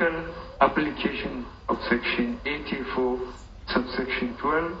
practical application of section 84 subsection 12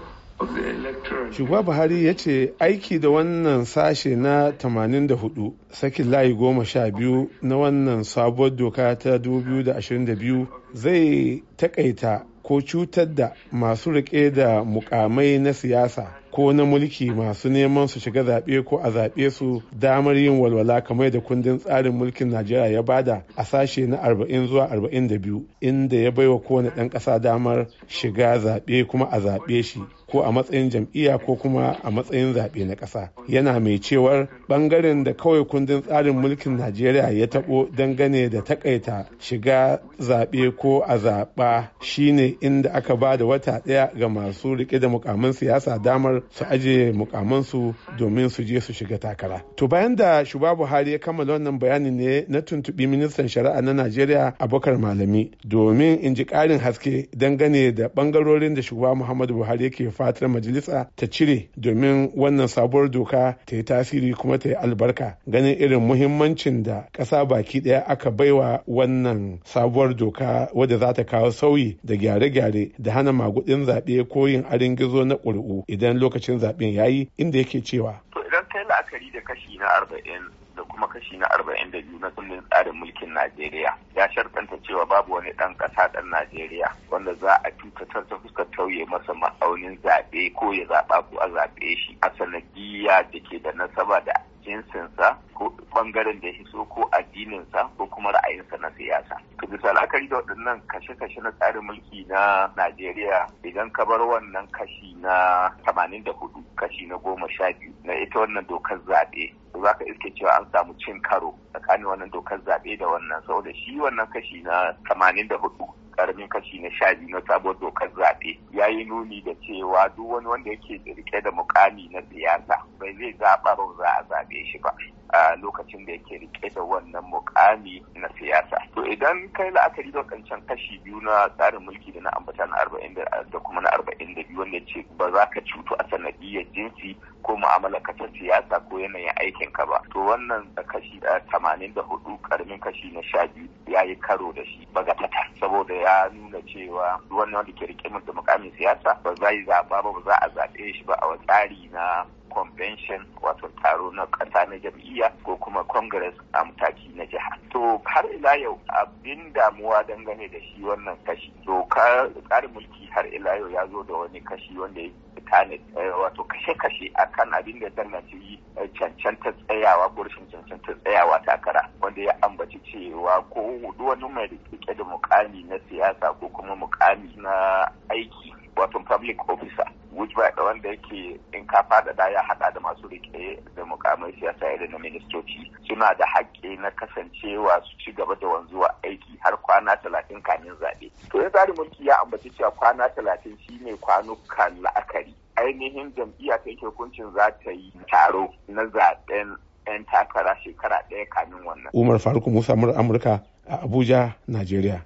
Shugaba Buhari ya ce aiki da wannan sashe na 84 sakin layi goma sha biyu na wannan sabuwar doka ta 2022 zai takaita ko cutar da masu rike da mukamai na siyasa ko na mulki masu neman su shiga zaɓe ko a zaɓe su damar yin walwala kamar da kundin tsarin mulkin Najeriya ya bada a sashe na 40 zuwa 42 inda ya baiwa kowane ɗan ƙasa damar shiga zaɓe kuma a zaɓe shi ko a matsayin jam'iyya ko kuma a matsayin zaɓe na ƙasa yana mai cewar ɓangaren da kawai kundin tsarin mulkin najeriya ya taɓo dangane da takaita shiga zaɓe ko a zaɓa shine inda aka ba da wata ɗaya ga masu riƙe da mukamin siyasa damar su ajiye mukamansu domin su je su shiga takara. To bayan da shugaba Buhari ya kammala wannan bayani ne na tuntuɓi ministan shari'a na Najeriya Abubakar Malami domin in ji karin haske dangane da bangarorin da shugaba Muhammadu Buhari yake fatar majalisa ta cire domin wannan sabuwar doka ta yi tasiri kuma ta yi albarka ganin irin muhimmancin da ƙasa baki ɗaya aka baiwa wannan sabuwar doka wadda za ta kawo sauyi da gyare-gyare da hana magudin zaɓe ko yin arin gizo na ƙuri'u idan lokacin lokacin zaben yayi inda yake cewa idan kai la'akari da kashi na arba'in da kuma kashi na arba'in da biyu na kundin tsarin mulkin Najeriya ya sharkanta cewa babu wani ɗan ƙasa ɗan Najeriya wanda za a tutatar ta fuskar tauye masa ma'aunin zaɓe ko ya zaɓa ko a zaɓe shi a sanadiyya da ke da nasaba da jinsinsa ko bangaren da ya so ko addininsa ko kuma ra'ayinsa na siyasa. To bisa la'akari da waɗannan kashe-kashe na tsarin mulki na Najeriya idan ka bar wannan kashi na 84 kashi na goma sha biyu na ita wannan dokar zaɓe za ka iske cewa an samu cin karo tsakanin wannan dokar zaɓe da wannan saboda shi wannan kashi na 84 karamin kashi na sha biyu na sabuwar dokar zaɓe ya yi nuni da cewa duk wani wanda yake rike da mukami na siyasa bai zai zaɓa ba za a zaɓe shi ba a lokacin da yake rike da wannan mukami na siyasa to idan kai la'akari da wakancan kashi biyu na tsarin mulki da na ambata na arba'in da kuma na arba'in da biyu wanda ce ba za ka cutu a sanadiyar jinsi ko mu'amalarka ta siyasa ko yanayin aikin ka ba to wannan kashi tamanin da hudu karamin kashi na sha biyu ya yi karo da shi ba ga fata saboda ya nuna cewa wannan wanda ke rike da mukamin siyasa ba za yi zaɓa ba ba za a zaɓe shi ba a tsari na convention na ƙasa na jam'iyya ko kuma congress a mataki na jiha to har ila yau abin damuwa dangane da shi wannan kashi to kare mulki har ila yau ya zo da wani kashi wanda ya tane eh, wato kashe-kashe akan abin da yi eh, cancanta tsayawa ko rashin tsayawa takara wanda ya ambaci cewa ko wani mai rike da mukami na siyasa ko kuma mukami na aiki wato public officer wujba da wanda yake in ka faɗaɗa ya haɗa da masu riƙe da mukamai siyasa da na ministoci suna da haƙƙi na kasancewa su ci gaba da wanzuwa aiki har kwana talatin kamin zaɓe. To ya tsarin mulki ya ambaci cewa kwana talatin shi ne kwanukan la'akari. Ainihin jam'iyya ta yake hukuncin za ta yi taro na zaɓen 'yan takara shekara ɗaya kamin wannan. Umar Faruk Musa Amurka a Abuja, Najeriya.